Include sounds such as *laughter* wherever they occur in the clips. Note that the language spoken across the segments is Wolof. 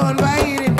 on, Vairi.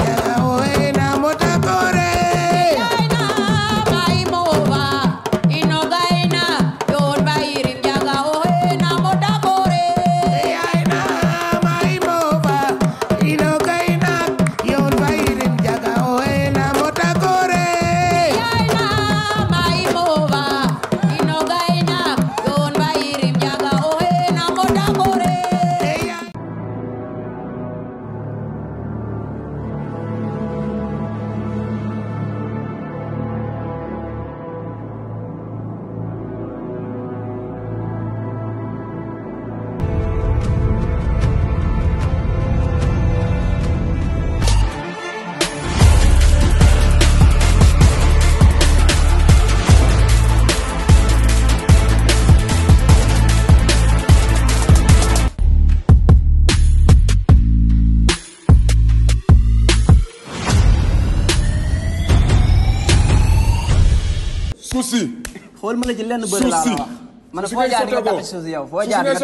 wala la fooy bañ jaar fu la fa jaarale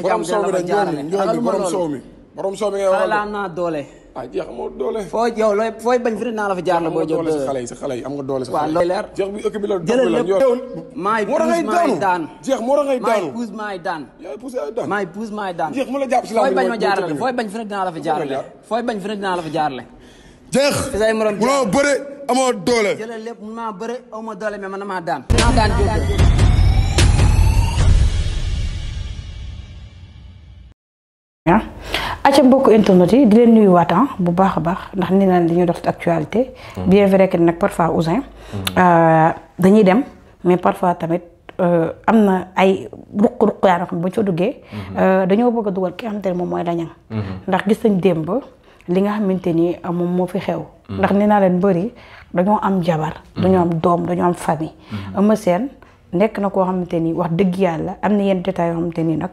xamal ma loolu borom soow mi ngay wax la am naa doole ah jeex amoo doole foo yow looy fooy bañ firi naa la fa jaar la boo jóob de xale yi sa xale yi am nga doole sa xale yi leer jeex bi ëkk bi la jëlal maay puus maay daan fooy bañ ma jaarale fooy bañ firi dinaa la fa jaarale fooy bañ firi dinaa la fa jaarale jeex munoo bëre amoo doole. jëlal lépp doole mais man maa maa daan jóg. acca mbokk internet yi di leen nuyuwaatam ah, bu baax a baax ndax ni naa dañuy dox actualité. Mm. bien vrai que nag parfois Ousin. Mm. Euh, dañuy dem mais parfois tamit euh, am na ay ruq-ruq yaa xam ba ca mm-hmm. euh, dañoo bëgg a dugal ki nga xamante ne moom mooy lañang mm-hmm. ndax gis nañ démb. li nga xamante ni euh, moom moo fi xew. Mm. ndax nee naa leen bëri dañoo am jabar. Mm. dañoo am doom dañoo am famille. Mm-hmm. Eumeu Sène nekk na koo xamante ni wax dëgg yàlla am na yenn détails yoo xamante ni nag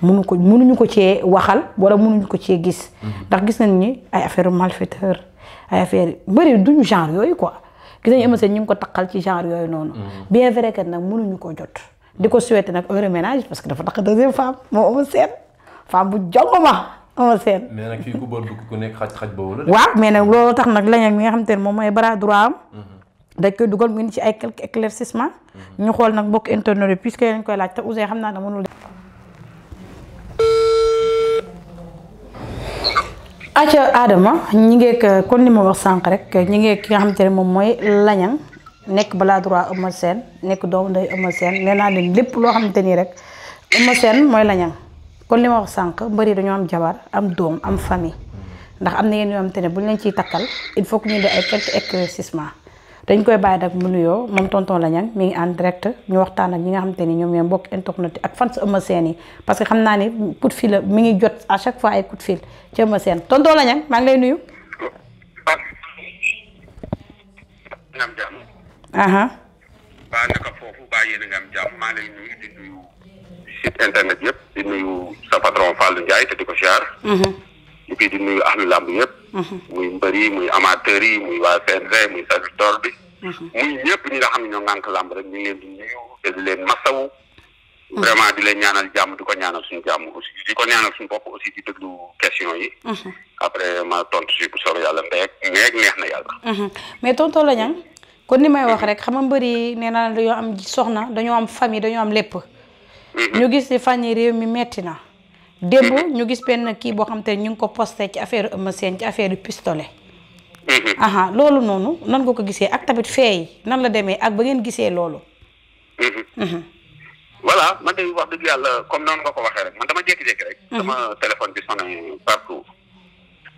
munu ko munuñu ko cee waxal wala munuñu ko cee gis. Mm-hmm. ndax gis nañ ni ay affaire malfaiteur ay affaire bëri duñu genre yooyu quoi gis nañu Eumeu Sène ñu ngi ko taqal ci genre yooyu noonu. Mm-hmm. bien vrai que nag munuñu ko jot. di ko souhaité nag heureux ménage parce que dafa tax deuxième femme moo Eumeu Sène femme Eumeu Sène. mais nag fii waaw mais nag loolu tax nag lañ ak mi nga xamante ne moom mooy bras droit mhm. dugal mu ci ay quelques éclaircissement mhm. ñu xool nag mbokk internet yi puisque dañ koy laaj te Ouzin xam naa ne mënul. acca Adama ñi ngeek kon ni ma wax sànq rek ñi ngeek ki nga xamante ne moom mooy lañang nekk balaa droit Eumeu Sène nekk doomu ndey Eumeu Sène nee naa leen lépp loo xamante nii rek Eumeu Sène mooy lañang kon li ma wax sànq mbëri dañoo am jabar am doom am famille ndax am na yenn yoo xamante bu buñ leen ciy takkal il faut ñu def ay quelques éclaircissements dañ koy bàyyi nag mu nuyoo moom tonton la ñan mi ngi en direct ñu waxtaan ak ñi nga xamante ni ñoom ñoo mbokk internet ak fan sa Eumeu Sène yi parce que xam naa ni coup de la mi ngi jot à chaque fois ay coup de fil ci Eumeu Sène tonton la ñan maa ngi lay nuyu. site internet yëpp di nuyu sa patron Fallou Ndiaye te di ko siyaar mhm. et puis di nuyu ahlu làmb yëpp mhm. muy mbër yi muy amateurs yi muy waa CNG muy service d'ordre bi mhm. muy ñëpp ñi nga xam ne ñoo ngànk làmb rek ñu ngi leen di nuyu te di leen masawu vraiment di leen ñaanal jàmm di ko ñaanal suñu jàmm aussi di ko ñaanal suñu bopp aussi di déglu question yi après ma tontu si bu soobee yàlla mbeeg neex na yàlla mais tonton la ñang kon ni may wax rek xam nga mbër yi nee am soxna dañoo am famille dañoo am lépp ñu gis ni fan yi réew mi metti na. démb ñu gis benn kii boo xam te ñu ngi ko posté ci affaire Eumeu seen ci affaire pistolet. aha loolu noonu nan nga ko gisee ak tamit feey nan la demee ak ba ngeen gisee loolu. Mhm. voilà man de wax dëgg yàlla comme noonu nga ko waxee rek man dama jékki-jékki rek. Mhm. sama téléphone bi sonné partout.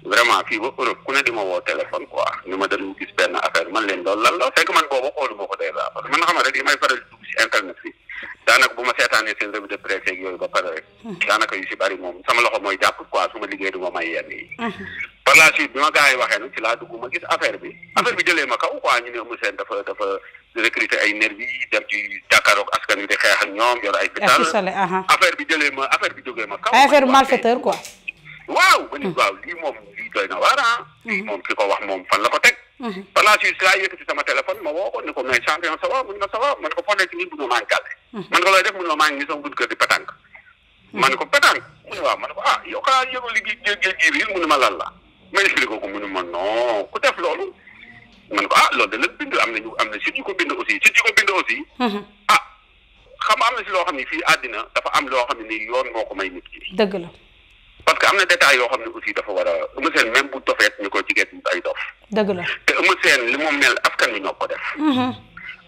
vraiment fii ba Europe ku ne di ma woo téléphone quoi ni ma dañu gis benn affaire man leen loolu lan la fekk man boobu xoolu ma ko day la parce que man nga xam daanaka bu ma seetaanee seen revue de presse ak yooyu ba pare rek hmm. daanaka yu si bari moom sama loxo mooy jàpp quoi su ma liggéey du ma may yenn yi hmm. par la suite bi ma gars yi waxee nag ci laa gis affaire bi affaire bi jëlee ma kaw quoi ñu ne Eumeu Sène dafa dafa recruter ay nervi yi dem ci jàkkaaroog askan wi di xeex ak yor ay pital affaire bi jëlee ma affaire bi jógee ma kaw affaire malfaiteur quoi waaw ma ni hmm. waaw lii moom lii doy na waar ah lii moom ki ko la ko teg Mhm. par la suite saa yëkkati sama téléphone ma woo ko ni ko mais champion ça va mun na ça va ko foo nekk nii mënoo maa ngi mhm. man ko looy def mënoo maa ngi nii sama bunt kër di pétanque. Mhm. ma ne ko pétanque mu ne waaw ma ne ko ah yow xanaa yëngu liggéey géej géej bi mu ma lan la ma expliqué ko mu ma non ku def loolu. man ko ah loolu de lépp bind am nañu am na site yu ko bind aussi site yu ko bind aussi. ah xam am na si loo xam ne fii àddina dafa am loo xam ne parce que am na détails yoo xam ne aussi dafa war a Eumeu Sène même bu dofeet ñu koy jigéen ñi ay dof. li mu mel askan wi def. Mhm.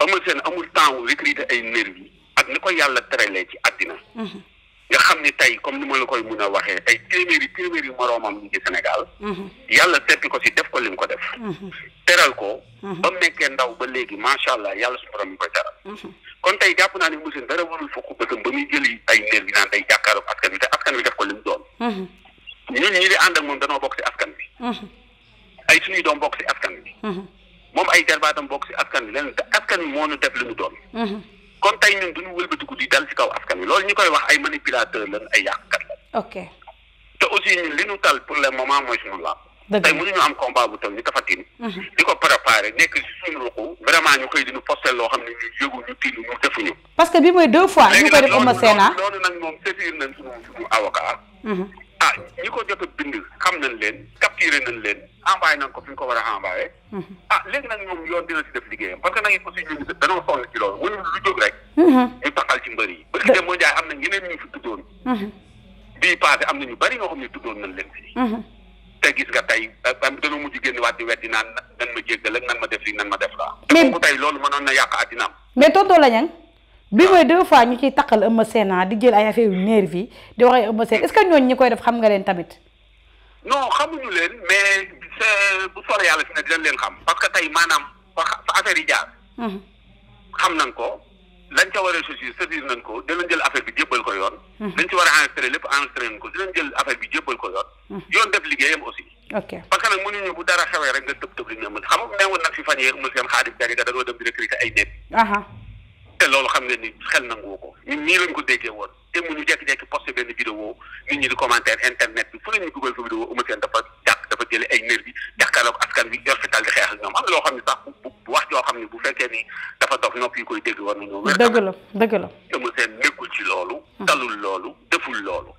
Eumeu Sène amul temps wu recruter ay nervi ak ni ko yàlla teralee ci àddina. Mhm. nga xam ni tey comme ni ma la koy mun a waxee tey téeméeri téeméeri moroomam ñu ci Sénégal. Mhm. yàlla seppi ko si def ko li mu ko def. Mhm. teral ko. Mhm. ba mu nekkee ndaw ba léegi macha allah yàlla su borom ñu koy teral. kon tey jàpp naa ne monsieur dara warul fukk bëtam ba muy jëli ay nerf yi naan day jàkkaaroog askan wi te askan wi def ko li mu doon. ñun ñi di ànd ak moom danoo bokk si askan wi. ay suñuy doom bokk si askan wi. moom ay jarbaatam bokk si askan wi leneen te askan moo ñu def li mu kon tey ñun duñu wëlbatiku di dal ci kaw askan wi loolu ñu koy wax ay manipulateur lañ ay yàqkat la ok te aussi ñun li ñu tal pour le moment mooy suñu làmb tey mënuñu am combat bu toll ni tafatin mhm. di ko préparé nekk si suñu ruqu vraiment ñu koy diñu postel loo xam ne ñu yëgu ñu tiilu ñu defuñu parce que bi mooy deux fois ñu koy def Eumeu Sène ah. loolu nag moom saisir nañ suñu suñu avocat mhm. ah ñi ko jot a xam nañ leen capturé nañ leen envoyé nañ ko fi ñu ko war a envoyé. Mhm. ah léegi nag moom yoon dina ci def liggéeyam parce que nag aussi ñun dañoo ñu mhm. taxal ci mbër parce que dem moo jaay am na ñeneen ñu fi tuddoon. Mhm. bii passé am na ñu bari di def lii ma def na yàq àddinaam. mais tonton Lagnan. bi ah. mooy deux fois ñu ciy taqal Eumeu Sène ah, di jël ay affaire yu di wax ay Eumeu Sène est que ñooñu ñi koy def xam nga leen tamit non xamuñu leen mais bu soobee yàlla fi ne dinañ leen xam parce que tey maanaam fa fa affaire yi jaar. Mhm. xam ko lañ ca war a saisir saisir nañ ko dinañ jël affaire bi jébbal ko yoon. Mhm. lañ ci war a enregistré lépp enregistré nañ ko yoon. Mhm. yoon def liggéeyam aussi. ok parce que nag mënuñu bu dara xewee rek nga tëb tëb li ñu mën xam nga nag fi fan yii monsieur Khadim Diagne da nga dem di recruter ay néeg. te loolu xam nga ni xel nangu ko ñun nii lañ ko déggee woon te mu ñu jékki-jékki posté benn vidéo nit ñi di commentaire internet bi fu la ñu dugal ko vidéo Eumeu Sène dafa jàpp dafa jële ay nerf bi loo xam ne sax bu ne bu fekkee ni dafa dof nopp yi koy dégg war nañoo wér. dëgg la dëgg la Eumeu Sène nekkul ci loolu. talul mm. loolu deful loolu.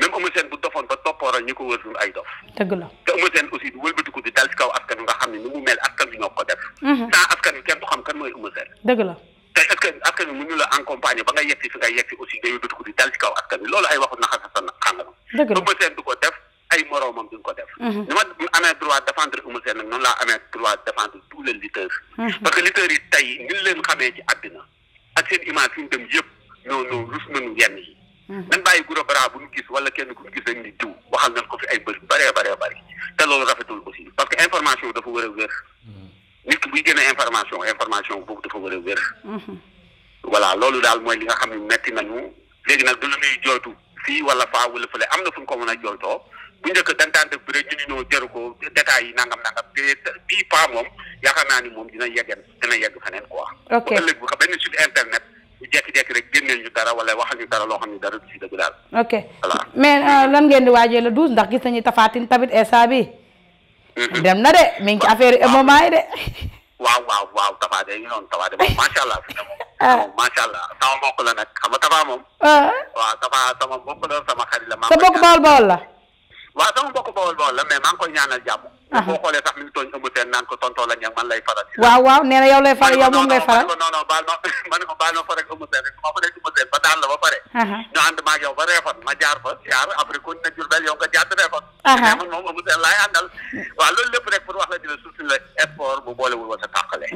même Eumeu Sène bu dofoon ba toppooral ñi ko wër suñu ay dof. dëgg la te Eumeu Sène aussi du wëlbatiku di dal ci kaw askan bi nga ne ni mu mel askan bi ñoo ko def. Mm-hmm. sans askan bi kenn du xam kan mooy Eumeu Sène. la te est-ce que askan wi mënuñu la accompagner ba nga yegg si fi nga yegg si aussi dañoo dëkk di dal ci kaw askan wi loolu ay waxu naxa sa xam nga. dëgg la seen du ko def ay moroomam duñ ko def. Mhm. ni ma amee droit défendre Eumeu Sène nag noonu laa amee droit défendre tous les lutteurs. Mhm. parce que lutteurs yi tey ni ñu leen xamee ci àddina ak seen image fi ñu dem yëpp non non yi. Mhm. nan bàyyi guro bara bu ñu gis wala kenn ku ñu gis dañ ni diw waxal nañ ko fi ay mbër yu bëree bëree bëri te loolu rafetul aussi parce que information dafa wër a nit ki buy génne information information boobu dafa war a wér. Mhm. voilà loolu daal mooy li nga xam ne metti nañu léegi nag du lu ñuy jooytu fii wala faa wala fële am na fu ñu ko mën a jooytoo bu njëkk dantante bi rek ñu ñoo jëru ko détails yi nangam nangam te bii paa moom yaakaar naa ni moom dina yeggen dina yegg feneen quoi. ok bu ëllëg bu ko benn site internet. ñu jékki-jékki rek génneel ok mais euh, lan ngeen di waajee le douze ndax gis nañu tafaatin tamit instant bi dem na de mi ngi ci affaire yi MMA yi de. *laughs* waaw waaw waaw Tapha Tine noonu Tapha Tine moom macha allah fi *laughs* ah. moom macha allah sama mbokk la nag xam nga Tapha moom. Ah. waaw Tapha sama mbokk la sama xarit la. sa mbokk bawol bawol la. waaw sama mbokk bawol bawol la mais maa ngi koy ñaanal jàmm. Ah. boo xoolee sax mi ngi tooñ ëmb seen naan ko tontoo la ñag man lay faral. waaw waaw nee na yow lay faral yow moom ngay faral. man non baal ma *laughs* pare. ñu ànd ma jaar fa jaar après ku ne Diourbel yow nga jàdd man moom Eumeu Sène laay àndal waaw loolu lépp rek wax la dina suuf la sport bu boolewul wala tàqale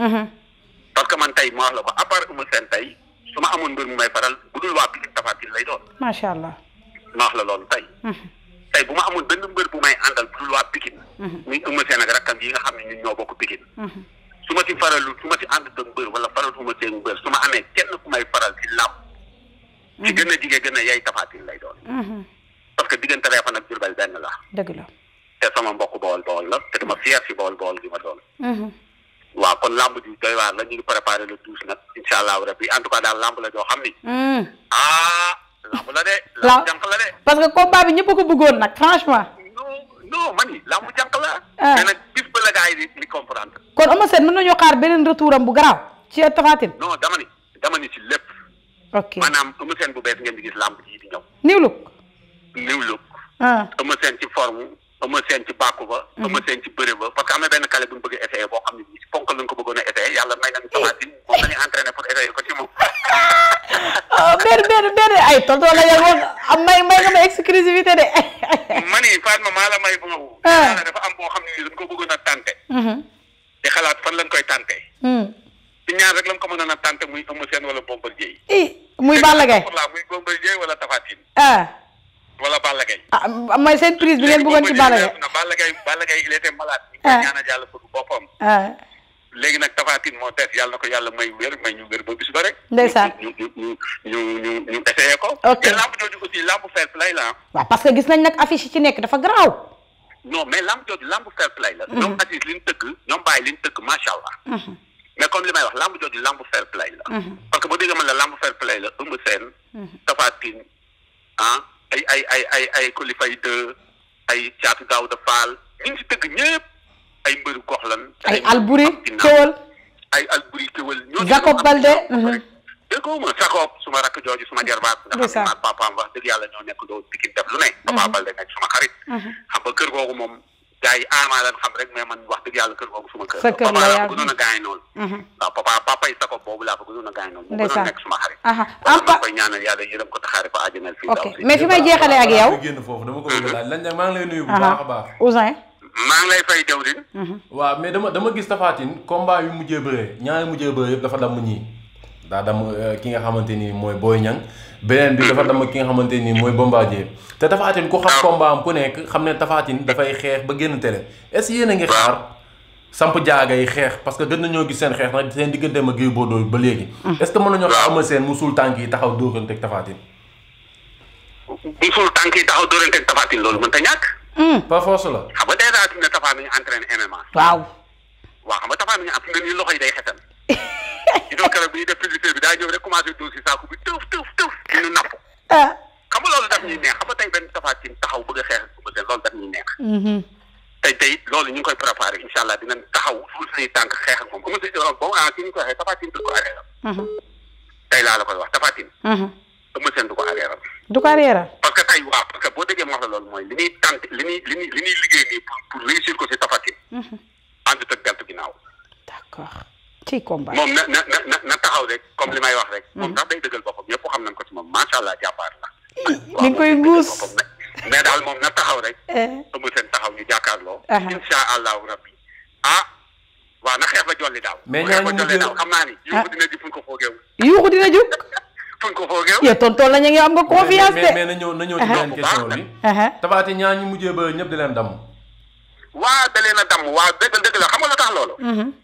parce que man tey ma wax la ko à part Eumeu Sène tey su ma amoon mbir mu may faral bu dul waa Pikine Tapha Tine lay doon macha allah ma wax la loolu tey tey bu ma amoon benn mbir bu may àndal bu dul waa Pikine muy Eumeu Sène ak rakkam yi nga xam ne ñun ñoo bokk Pikine su ma ci faralu su ma ci ànd ak mbër faral su ma seen mbër su ma kenn ku may faral ci làmb a jige a parce que diggante Refane ak Diourbel benn la. dëgg la te sama mbokk bool bool la te dama fier si bool bool ma doon. Mhm. waaw kon lamb ji doy waar la ñu ngi préparé le douze nag incha allah rabbi en tout cas daal lamb la joo xam ni. Mhm. ah lamb la de. lamb jànq de. parce que combat bi ñëpp ko nag franchement. non man yi lamb jànq la. Ah. kon Eumeu Sène mën nañoo xaar beneen retouram bu garaaw ci Tapha Tine. non dama ni dama ni si lépp. ok bu bees ngeen New Look. Eumeu ah. Sène ci forme Eumeu Sène ci ba. Eumeu mhm. Sène ci ba parce que am na benn xale bu ñu bëgg a essayé boo xam ne bii ci ponk lañ ko bëggoon a essayé yàlla may nañ tamit moom la ñuy entraîné pour essayé *laughs* ah, ay tontu wala yow am may may nga ma exclusivité de. *laughs* man yi Fatma la may boobu. Ah. yàlla dafa ko bëggoon a tànte. Mhm. di xalaat fan lañ koy tànte. ci mhm. ñaar rek lañ ko a tànte muy Eumeu Sène wala Balla Gaye. ah mooy seen prise bi ngeen bëggoon ci Balla Gaye Balla Gaye Balla Gaye il était malade. ah ñaanal yàlla fëgg boppam. ah léegi nag Tapha Tine moo des yàlla na ko yàlla may wér may ñu wér ba bis ba rek. ndeysaan ñu ñu ñu ñu ñu ñu ko. ok te lamb jooju aussi lamb la ah. waaw parce que gis nañ nag affiche ci nekk dafa garaaw. non mais lamb jooju lamb fair play la. Mhm. ñoom Aziz li ñu tëkk ñoom Baye li ñu tëkk macha allah. Mhm. mais comme li may wax lamb jooju lamb fair la. Mhm. que la lamb ay ay ay ay ay Coly Faye de ay Thiatou Daouda Fall ñu ngi si tëgg ñëpp ay mbër gox lan. ay Alboury Kewal ay Alboury Kewal. ñooñu Jacob Balde. Mhm. déggoo ma Jacob suma rakk jooju suma jarbaat. nga xam ne papaam dëgg yàlla ñoo nekk doo Pikine def lu ne. Mhm. Papa Balde nekk suma xarit. Mhm. xam nga kër googu moom. gars yi Ama lan xam rek mais man wax dëgg yàlla kër googu suma kër. sa kër la papa laa ko gënoon a gaañ noonu. Mhm. waaw papa papa yi sakko boobu laa ko gënoon a gaañ noonu. mu gënoon nekk suma xarit. am pa koy ñaanal yàlla yërëm ko taxaare ko àjjanal fii. ok mais fi may jeexalee ak yow. génn foofu dama ko bëgg laaj lan nag lay nuyu baax a baax. Ouzin. maa lay fay jaww mhm. ji. mais dama dama gis Tapha Tine combat yu mujjee bëree ñaari mujjee bëree yëpp dafa damm ñii daa dam euh, ki nga xamante ni mooy booy Niang beneen bi dafa dam ki nga xamante nii mooy Bombardier te Tapha Tine ku xam combat am ku nekk xam ne Tapha Tine dafay xeex ba génn télé est-ce yéen a ngi xaar samp jaaga yi xeex parce que gën nañoo gis seen xeex nag seen diggante ma Gris Bordeaux ba léegi. Mm. est-ce que mën nañoo xaar Eumeu Sène mu suul tànk yi taxaw dóoranteeg Tapha Tine. mu suul tànk yi taxaw dóoranteeg Tapha Tine loolu mënut a ñàkk. Mm. par force la. xam nga dèjà fi mu ne Tapha mi ngi entraîné MMA. waaw. waaw nii loxo yi day xetal. *laughs* gisoo keroog bi ñuy def publicité bi daa ñëw rek commencé dóor si saako bi tëf tëf tëf di ñu napp. Ah. xam nga loolu daf ñuy neex xam nga tey benn Tapha Tine taxaw bëgg a xeex ak Eumeu Sène loolu daf ñuy neex. Mm-hmm. tey tey loolu ñu koy préparé incha allah dinañ taxaw suñu suñuy tànk xeex ak moom Eumeu Sène loolu boobu ah kii ñu koy waxee Tapha Tine du mm-hmm. la koy wax Tapha Tine. Mm-hmm. Eumeu Sène du boo déggee wax la loolu mooy li ñuy tànk li ñuy li ñuy liggéey nii pour réussir ko si Tapha Tine. ànd ak gàtt ciy combat. moom na na na na taxaw rek comme li may wax rek. Mm. moom sax day dëggal boppam ñëpp xam nañ ko ci moom macha allah jàmbaar la. li mm. nga koy guus mais daal moom na taxaw rek. amul eh. seen taxaw ñu jàkkaarloo. incha allahu rabbi ah. waaw na xeex a jolli daaw. mais ñooñu mu jël xam naa ni. Ah. yuuxu dina ji fuñ ko foogeewul. yuuxu dina ji. *laughs* fuñ ñu am nga confiance de. mais mais nañoo nañoo ci beneen question bi. tabaate ñaa ñu mujjee ba ñëpp di leen damm. waa da leen a damm waa dëgg dëgg la xam nga tax loolu. Mm-hmm.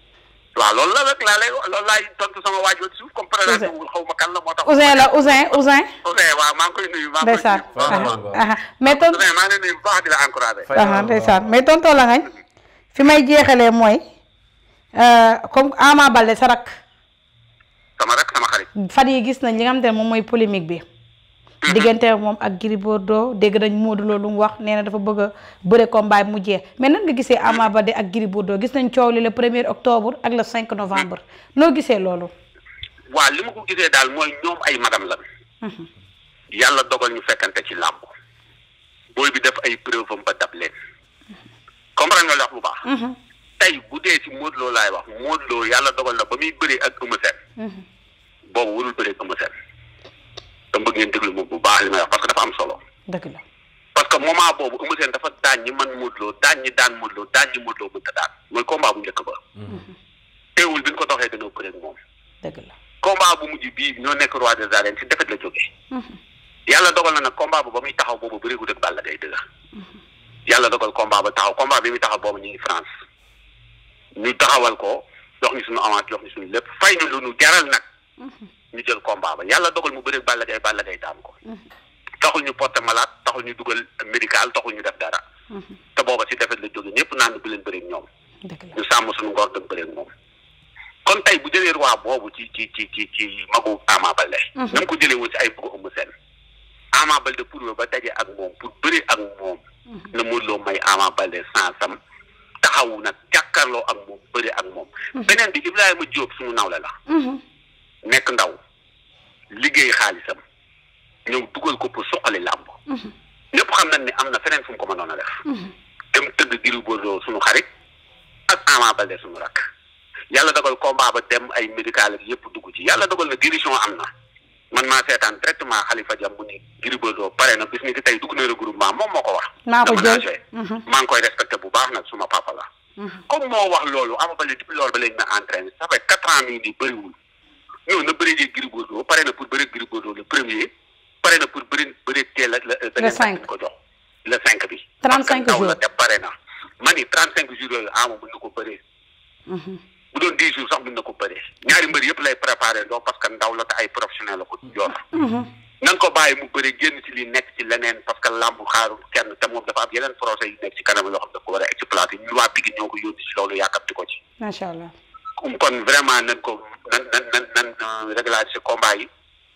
waaw lool la rek laa lay loolu laay tontu sama waaj ba suuf comme présenté wul la moo tax. la Ousin Ousin. Ousin waaw maa ngi koy nuyu. maa ngi koy nuyu ndeysaan mais tontu la encouragé. ndeysaan mais tonton la fi may jeexalee mooy euh, comme Ama Baldé sa rak. sama rak sama yi gis nañ li nga xam ne moom mooy polémique bi. diggante moom ak Gris Bordeaux dégg nañ Modou lu mu wax nee na dafa bëgg a bëre combat mu jeex mais nan nga gisee Ama Baldé ak Gris Bordeaux gis nañ coow li le premier octobre ak la cinq novembre noo gisee loolu waaw li ma ko gisee daal mooy ñoom ay magam lan mhm. yàlla dogal ñu fekkante ci làmb booy bi def ay preuve am ba dab leen comprendre nga li wax bu baax mhm. tey bu dee ci Modou Lo laay wax Modou Lo yàlla dogal na ba ak Eumeu Sène mhm. boobu warul dama bëgg ngeen déglu moom bu baax li may wax parce que dafa am solo. dëgg la parce que moment boobu Eumeu Sène dafa daan ñi man Modou Lo daan ñi daan Modou Lo daan ñi Modou mënta daan mooy combat bu njëkk ba. Mm-hmm. teewul bi ñu ko doxee dañoo bëre moom. dëgg la combat bu mujj bii ñoo nekk roi des arènes la jógee. Mm-hmm. yàlla dogal na nag combat bu ba muy taxaw boobu bu gu dëgg Balla Gaye dëgg. Mm-hmm. yàlla dogal combat ba taxaw combat bi muy taxaw boobu ñu ngi France ñu taxawal ko jox ñu suñu avance jox ñu suñu lépp fay ñu lu jaral nag. ñu jël combat ba yàlla dogal mu bëri Balla Gaye Balla Gaye daan ko. Mhm. taxul ñu porté malade taxul ñu dugal médical taxul ñu def dara. Mhm. te booba si defet la jógee ñëpp naan bu leen bëri ñoom. ñu sàmm suñu ngor dem bëri moom. kon tey bu jëlee roi boobu ci ci ci ci ci magu Ama Baldé. Mhm. na ko jëlee woon si ay bëgg Eumeu Sène. Ama Baldé pour ba dajee ak moom pour bëri ak moom. na Modou Lo may Ama Baldé sans sam taxawu nag jàkkaarloo ak ak moom. beneen bi Ibrahima Diop suñu nawle la. nekk ndaw liggéey xaalisam ñëw dugal ko pour suqali làmb mhm. ñëpp xam na ni am na feneen fu mu ko noon a def mhm. dem tëgg Gris Bordeaux suñu xarit ak Ama Baldé suñu rakk yàlla dogal combat ba dem ay médical ak yëpp dugg ci yàlla dogal na guérison am na man maa seetaan directement Khalifa Diam bu ni Gris Bordeaux pare na bis ni ki tey dugg na regroupement moom moo ko wax maa mhm. ngi koy respecté bu baax suma papa comme moo wax loolu Ama Baldé depuis loolu na entraîné ça fait quatre ans nii ñëw na bëree jee Gris Bordeaux pare na pour bëree Gris Bordeaux le premier pare na pour bëree bëree teel la euh, le cinq ko jox le cinq bi trente cinq jours la na cinq jours yooyu ama ah, mën na ko bëree mhm. bu doon dix jours sax mën na ko bëree ñaari mbër yëpp lay préparé doo parce que ndaw la te professionnel la ko yor mhm. nan ko bàyyi mu bëri génn ci li nekk ci leneen parce que làmb xaarul kenn te moom dafa am yeneen projet yu nekk ci kanam yoo xam daf ko war a exploité ñun waa ko kon vraiment nañ ko nan nan nan réglage combat yi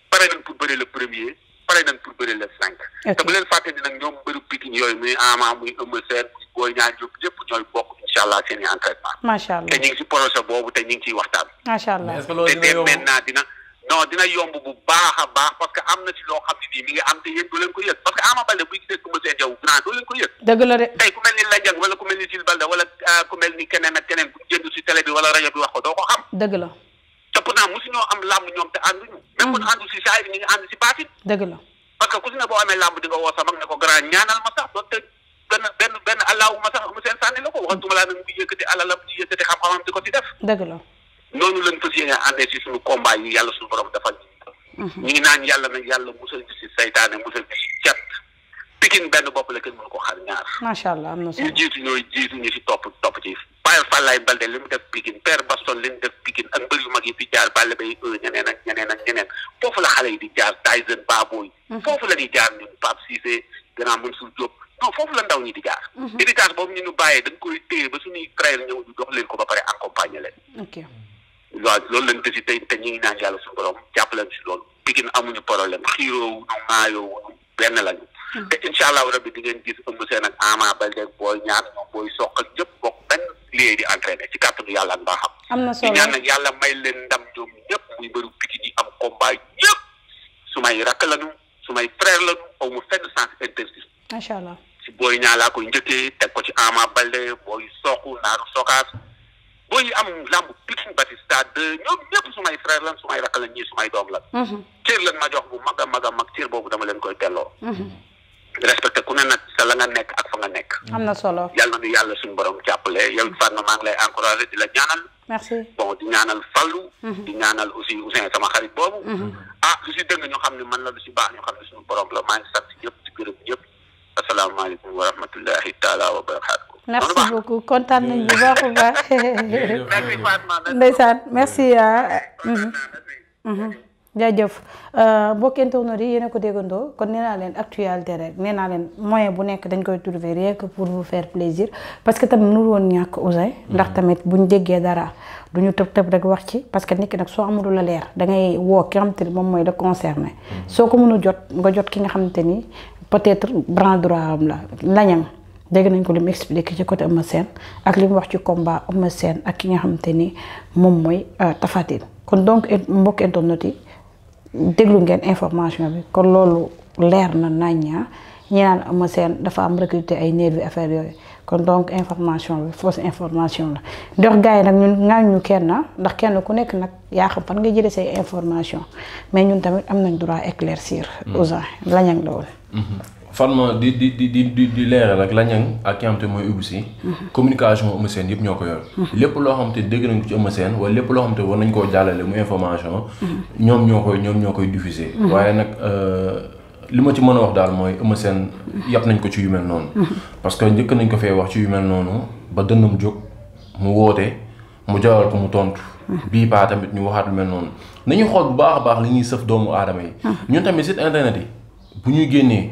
pare nañ pour bëri le premier pare nañ pour bëri le cinq. te bu leen fàtte ni nag ñoom mbëru Pikine yooyu muy Ama muy Eumeu Sène muy Boy Niang ñoom ñëpp ñooy bokk incha allah seen i entraînement. macha allah te ñu ngi si projet boobu te ñu ngi ciy waxtaan. macha allah te maintenant dina. non dina yomb bu baax a baax parce que am na ci loo xam ne nii mi ngi am te yéen du leen ko yëg parce que Ama Baldé buy gisee Coumba Sène Diaw grand du leen ko yëg. dëgg de ku mel ni Ladiang wala ku mel ni Jules Baldé wala euh, ku mel ni keneen ak keneen bu jënd ci télé bi wala rajo bi wax ko doo ko xam. dëgg la te pourtant mosu ñoo am làmb ñoom te ànduñu. même bu ñu mm. àndu si saa yi ñu ngi si baatin. dëgg la parce que boo amee làmb di ko grand ñaanal ne ko ci def noonu lañ fas yéene àndee si suñu combat yàlla suñu mhm. naan yàlla nag yàlla musal ñu si musal ñu si pikin benn bopp la kenn mënu ko xar ñaar allah am na solo ñu jiitu ñooy jiitu ñu si topp topp ci Père Fallaye Balde li mu def pikin Père Baston li mu def pikin ak mbër yu mag yi fi jaar Balla Gaye ñeneen ak ñeneen ak ñeneen foofu la xale yi di jaar Tyson Baboy mhm. foofu la di jaar ñun Pape Cissé Grand Mansour Diop non foofu la ndaw ñi di jaar mhm. héritage boobu ñu ñu bàyyee dañ ba suñuy frère ba pare accompagner waaw loolu lañ si tey te ñu ngi naan yàlla suñu borom jàppaleen si loolu Pikine amuñu problème xiiroowu nu maayoowunu benn lañu hmm. te incha allahu rabbi di ngeen gis Eumeu Sène ak Ama Baldé booy ñaan ñoom booy soq ak ñëpp bokk benn liggéey di entraîné ci kàttanu yàlla ak mbaaxam am na solo ñaan nag yàlla may len ndam ñoom ñëpp muy bëru Pikine am combat ñëpp su may rakk lañu su may frère lañu aw mu fenn sens interdit macha allah si booy ñaan laa ko njëkkee teg ko ci Ama Baldé booy soq naaru sokaas booy yi am làmb Pikine Batista de ñoom ñëpp sumay frère lan sumay rakk lan ñii sumay doom lan mhm. cër lan ma jox bu mag a mag a mag cër boobu dama leen koy delloo mhm. respecté ku ne nag sa la nga nekk ak fa nga nekk am na solo yàlla na yàlla suñu borom jàppale yow Fatma maa ngi lay encouragé di la ñaanal merci bon di ñaanal Fallou mhm. di ñaanal aussi Ousseyn sama xarit boobu ah lu si dëng ñu xam ne man la lu si baax ñu xam ne suñu borom la maa ngi sant ñëpp di gërëm ñëpp asalaamaaleykum merci beaucoup kontaan nañ bu baax a baax. ndeysaan merci. Ah. Mhm. Mhm. jaajëf euh, mbokki internet yi yéen a ko déggandoo kon nee naa leen actualité rek nee naa leen moyen bu nekk dañ koy trouver rien que pour vous faire plaisir parce que tamit mënul woon ñàkk Ouzin mhm. ndax tamit buñ déggee dara du ñu tëb tëb rek wax ci parce que nit ki nag soo amul la leer da ngay woo ki nga xamante ni moom mooy la concerné soo ko mënul jot nga jot ki nga xamante ni peut-être bras droit am la laña dégg nañ ko li mu expliqué ci côté Eumeu Sène ak li mu wax ci combat Eumeu Sène ak ki nga xamante ni moom mooy euh, Tapha Tine kon donc mbokk internet yi déglu ngeen information bi kon loolu leer na naññaa ñi naan Eumeu Sène dafa am recruté ay nervi affaire yooyu kon donc information bi fausse information la ndox gars yi nag ñun ŋaañ ñu kenn ndax kenn ku nekk nag yaa xam fan nga jëlee say information mais ñun tamit am nañ droit éclaircir ausin mm. lañang la woon mm-hmm. Fatma di di di di di leeral rek la ñang ak ki mooy Ibou mhm. communication Eumeu Sène yëpp ñoo ko yor mhm. lépp loo xam te dégg nañ ko ci Eumeu Sène wala lépp loo xam te war nañ koo jàllale mu information mhm. ñoom ñoo koy ñoom ñoo koy diffuser waaye nag euh, li ma ci mën a wax daal mooy Eumeu Sène yàpp nañ ko ci yu mel noonu parce que njëkk nañ ko fee wax ci yu mel noonu ba dënn mu jóg mu woote mu jaral ko mu tontu bii paa tamit ñu waxaat lu mel noonu nañu xool bu baax a baax li ñuy sëf doomu aadama yi ñun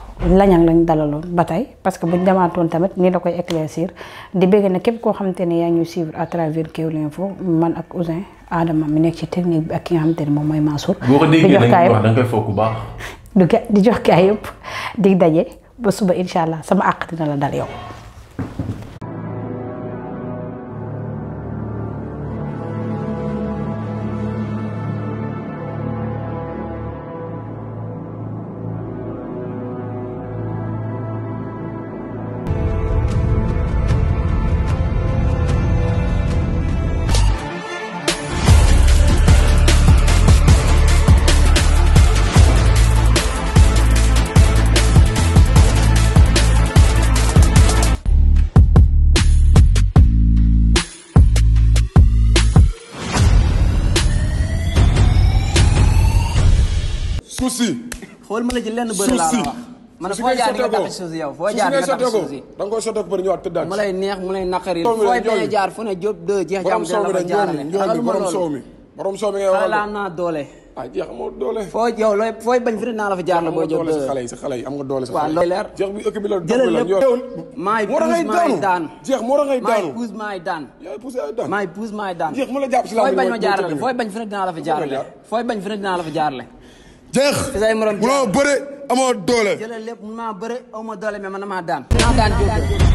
lañang lañ dalaloon ba tey parce que buñ demaatoon tamit nii la koy éclaircir di bëgg na képp koo xamante ne yaa ñu suivre à travers Kewel Info man ak Ouzin Adama mi nekk ci technique bi ak ki nga xamante ne moom mooy Mansour. di jox kaay boo ko déggee da di jox kaay yëpp *laughs* di daje ba suba incha allah sama àq dina la dal yow. suuf si. xool ma la ci lenn bëri laa la wax. man foo jaar nga tax suuf si yow foo jaar nga tax suuf si da nga koy sotteeku bëri ñëwaat tëddaat mu lay neex mu lay naqari fooy bañ a jaar fu ne jóob dë jeex jàmm la jaarale xamal ma loolu borom soow mi ngay wax xalaat naa doole ah jeex amoo doole foo yow looy fooy bañ fi naa la fa jaar la boo jóg sa xale yi sa xale yi am nga doole sa xale yi waaw leer jeex bi ëkk bi la jëlal lépp maay puus maay daan jeex moo tax ngay daanu maay puus maay daan yaay puus yaay daan maay puus maay daan jeex mu la jàpp si la fooy bañ ma jaarale fooy bañ fi naa la fa jaarale fooy bañ fi naa la fa jaarale jeex munoo bëre amoo doole. jëlal lépp mun maa bëre aw ma doole mais man maa daan. daan